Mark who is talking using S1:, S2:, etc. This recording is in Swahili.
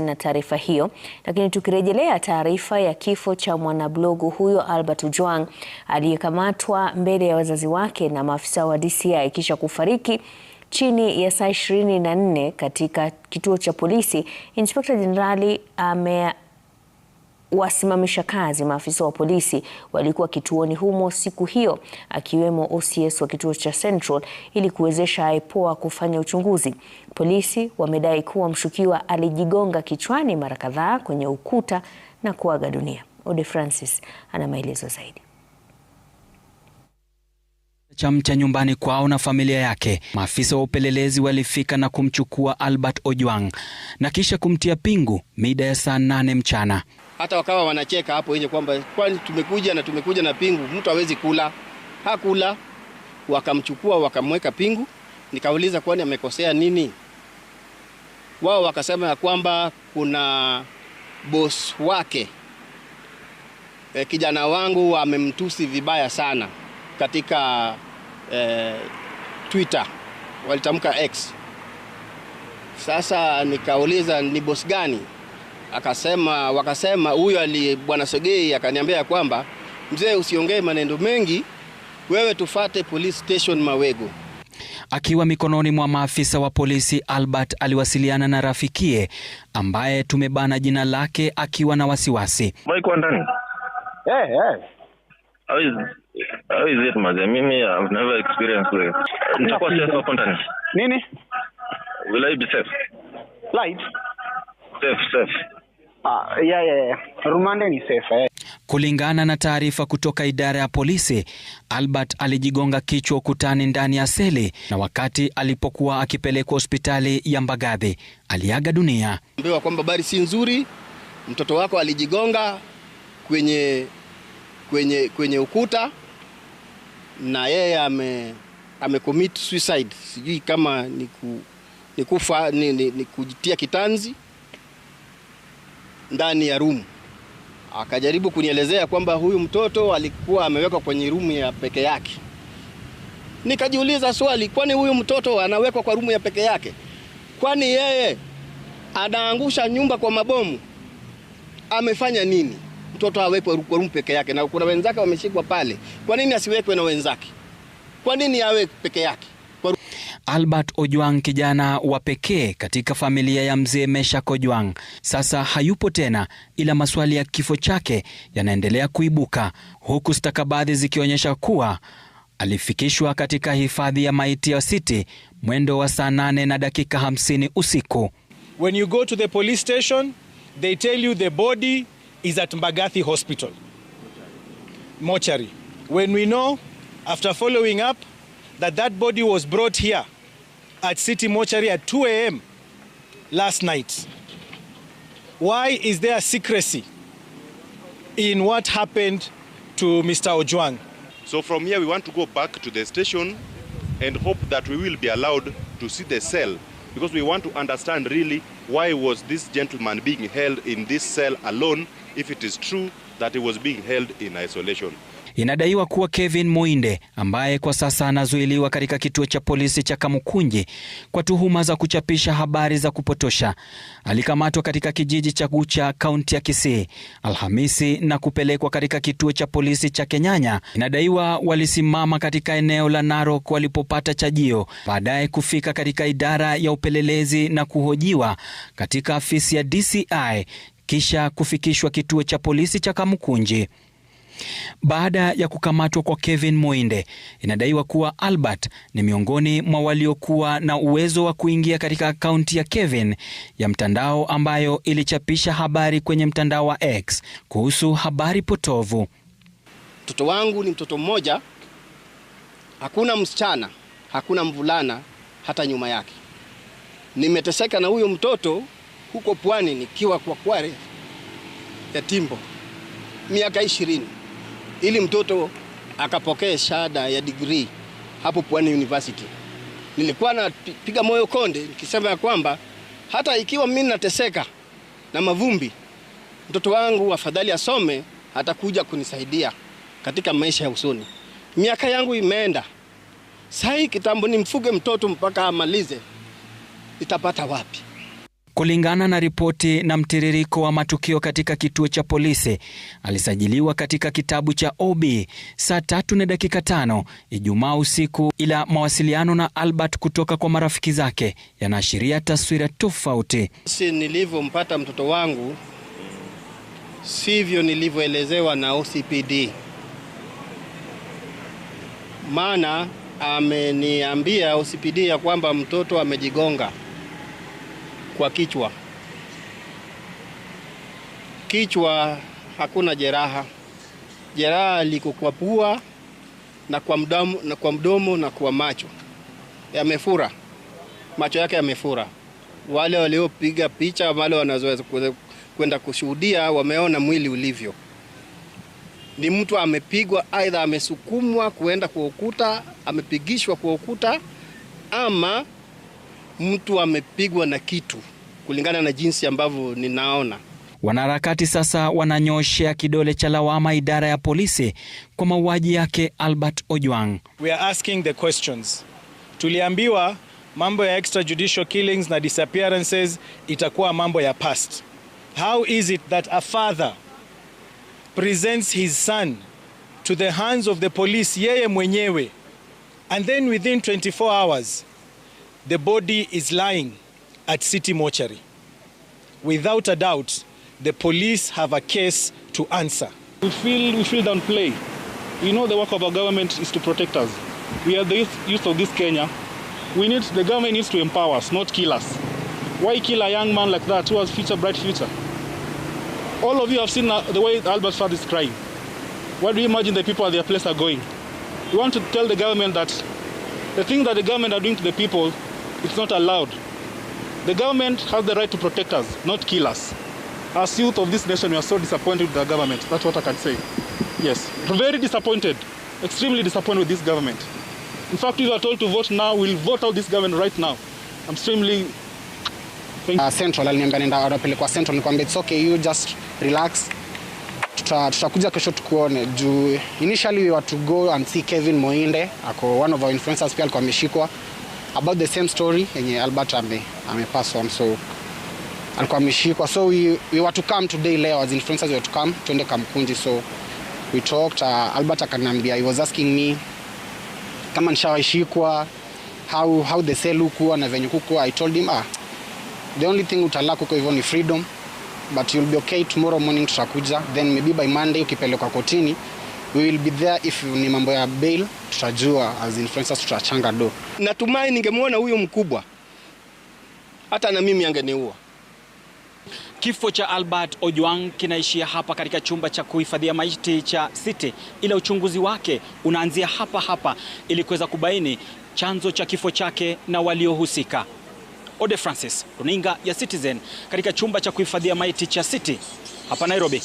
S1: na taarifa hiyo. Lakini tukirejelea taarifa ya kifo cha mwanablogu huyo Albert Ojwang aliyekamatwa mbele ya wazazi wake na maafisa wa DCI kisha kufariki chini ya saa 24 katika kituo cha polisi, Inspekta Jenerali ame wasimamisha kazi maafisa wa polisi walikuwa kituoni humo siku hiyo, akiwemo OCS wa kituo cha Central ili kuwezesha IPOA e kufanya uchunguzi. Polisi wamedai kuwa mshukiwa alijigonga kichwani mara kadhaa kwenye ukuta na kuaga dunia. Ode Francis ana maelezo zaidi.
S2: Chamcha nyumbani kwao na familia yake, maafisa wa upelelezi walifika na kumchukua Albert Ojwang na kisha kumtia pingu mida ya saa nane mchana
S3: hata wakawa wanacheka hapo nje kwamba kwani tumekuja na tumekuja na pingu, mtu hawezi kula. Hakula, wakamchukua wakamweka pingu. Nikauliza kwani amekosea nini? Wao wakasema ya kwamba kuna boss wake e, kijana wangu amemtusi vibaya sana katika e, Twitter walitamka X. Sasa nikauliza ni boss gani? akasema, wakasema huyo ali bwana Sogei akaniambia kwamba mzee, usiongee maneno mengi, wewe tufate police station Mawego.
S2: Akiwa mikononi mwa maafisa wa polisi, Albert aliwasiliana na rafikie ambaye tumebana jina lake akiwa na wasiwasi.
S4: Kwa ndani. Hey, eh, eh. hey. How is, how is Mimi I've never experienced this. Nitakuwa safe hapo ndani. Nini? Will I be safe? Light. Safe, safe.
S3: Ah, yeah, yeah. Rumande ni safe, eh.
S2: Kulingana na taarifa kutoka idara ya polisi, Albert alijigonga kichwa ukutani ndani ya seli na wakati alipokuwa akipelekwa hospitali ya Mbagathi aliaga dunia.
S3: Ambiwa kwamba habari si nzuri, mtoto wako alijigonga kwenye, kwenye, kwenye ukuta na yeye ame, ame commit suicide. Sijui kama ni, ku, ni, kufa, ni, ni, ni kujitia kitanzi ndani ya rumu. Akajaribu kunielezea kwamba huyu mtoto alikuwa amewekwa kwenye rumu ya peke yake. Nikajiuliza swali, kwani huyu mtoto anawekwa kwa rumu ya peke yake? Kwani yeye anaangusha nyumba kwa mabomu? Amefanya nini mtoto awekwe kwa rumu peke yake, na kuna wenzake wameshikwa pale? Kwa nini asiwekwe na wenzake? Kwa nini awe peke yake?
S2: Albert Ojwang, kijana wa pekee katika familia ya mzee Meshack Ojwang, sasa hayupo tena, ila maswali ya kifo chake yanaendelea kuibuka, huku stakabadhi zikionyesha kuwa alifikishwa katika hifadhi ya maiti ya City mwendo wa saa 8 na dakika hamsini usiku.
S5: When you go to the police station, they tell you the body is at Mbagathi Hospital. Mochari. When we know after following up that that body was brought here at City Mortuary at 2 a.m. last night. Why is there secrecy in what happened to Mr. ojuang
S6: So from here we want to go back to the station and hope that we will be allowed to see the cell because we want to understand really why was this gentleman being held in this cell alone if it is true that he was being held in isolation.
S2: Inadaiwa kuwa Kevin Muinde ambaye kwa sasa anazuiliwa katika kituo cha polisi cha Kamukunji kwa tuhuma za kuchapisha habari za kupotosha alikamatwa katika kijiji cha Gucha, kaunti ya Kisii Alhamisi na kupelekwa katika kituo cha polisi cha Kenyanya. Inadaiwa walisimama katika eneo la Narok walipopata chajio, baadaye kufika katika idara ya upelelezi na kuhojiwa katika afisi ya DCI kisha kufikishwa kituo cha polisi cha Kamukunji. Baada ya kukamatwa kwa Kevin Moinde, inadaiwa kuwa Albert ni miongoni mwa waliokuwa na uwezo wa kuingia katika akaunti ya Kevin ya mtandao ambayo ilichapisha habari kwenye mtandao wa X kuhusu habari potovu.
S3: Mtoto wangu ni mtoto mmoja, hakuna msichana, hakuna mvulana hata nyuma yake. Nimeteseka na huyo mtoto huko pwani, nikiwa kwa kware ya Timbo miaka ishirini ili mtoto akapokee shahada ya degree hapo Pwani University. Nilikuwa napiga moyo konde nikisema ya kwamba hata ikiwa mimi nateseka na mavumbi, mtoto wangu afadhali asome, atakuja kunisaidia katika maisha ya usoni. Miaka yangu imeenda sahii, kitambo nimfuge mtoto mpaka amalize, itapata wapi?
S2: Kulingana na ripoti na mtiririko wa matukio katika kituo cha polisi, alisajiliwa katika kitabu cha OB saa tatu na dakika tano Ijumaa usiku, ila mawasiliano na Albert kutoka kwa marafiki zake yanaashiria taswira tofauti.
S3: Si nilivyompata mtoto wangu sivyo nilivyoelezewa na OCPD, maana ameniambia OCPD ya kwamba mtoto amejigonga kwa kichwa. Kichwa hakuna jeraha, jeraha liko kwa pua na kwa mdomo, na kwa mdomo na kwa macho yamefura, macho yake yamefura. Wale waliopiga picha, wale wanazoweza kwenda kushuhudia, wameona mwili ulivyo. Ni mtu amepigwa, aidha amesukumwa kuenda kwa ukuta, amepigishwa kwa ukuta ama mtu amepigwa na kitu, kulingana na jinsi ambavyo ninaona.
S2: Wanaharakati sasa wananyoshea kidole cha lawama idara ya polisi kwa mauaji yake Albert Ojwang.
S5: We are asking the questions. Tuliambiwa mambo ya extrajudicial killings na disappearances itakuwa mambo ya past. How is it that a father presents his son to the hands of the police yeye mwenyewe and then within 24 hours The body is lying at City Mortuary. Without a doubt, the police have a case to answer.
S7: We feel, we feel downplay. We know the work of our government is to protect us. We are the youth, of this Kenya. We need, the government needs to empower us, not kill us. Why kill a young man like that who has future, bright future? All of you have seen uh, the way Albert's father is crying. What do you imagine the people at their place are going? We want to tell the government that the thing that the government are doing to the people It's not allowed. The government has the right to protect us, not kill us. As youth of this nation, we are so disappointed with the government. That's what I can say. Yes, very disappointed, extremely disappointed with this government. In fact, we are told to vote now. We'll vote out this government right now. I'm extremely
S8: Uh, Central aliniambia nenda anapelekwa Central, nikwambia it's okay, you just relax, tutakuja kesho tukuone. Juu initially we were to go and see Kevin Moinde, ako one of our influencers, pia alikuwa ameshikwa about the same story yenye Albert ame, ame pass on so alikuwa ameshikwa so we, we were to come today leo as influencers we were to come twende Kamkunji so we talked uh, Albert akanambia he was asking me kama nishawashikwa how, how the cell hukuwa na venye kukuwa I told him ah, the only thing utala kuko hivyo ni freedom but you'll be okay tomorrow morning tutakuja then maybe by Monday ukipelekwa kotini we will be there if ni mambo ya bail, tutajua as influencers, tutachanga do.
S3: Natumai ningemwona huyo mkubwa hata na mimi angeniua.
S2: Kifo cha Albert Ojwang kinaishia hapa katika chumba cha kuhifadhia maiti cha City, ila uchunguzi wake unaanzia hapa hapa ili kuweza kubaini chanzo cha kifo chake na waliohusika. Ode Francis, runinga ya Citizen, katika chumba cha kuhifadhia maiti cha City hapa Nairobi.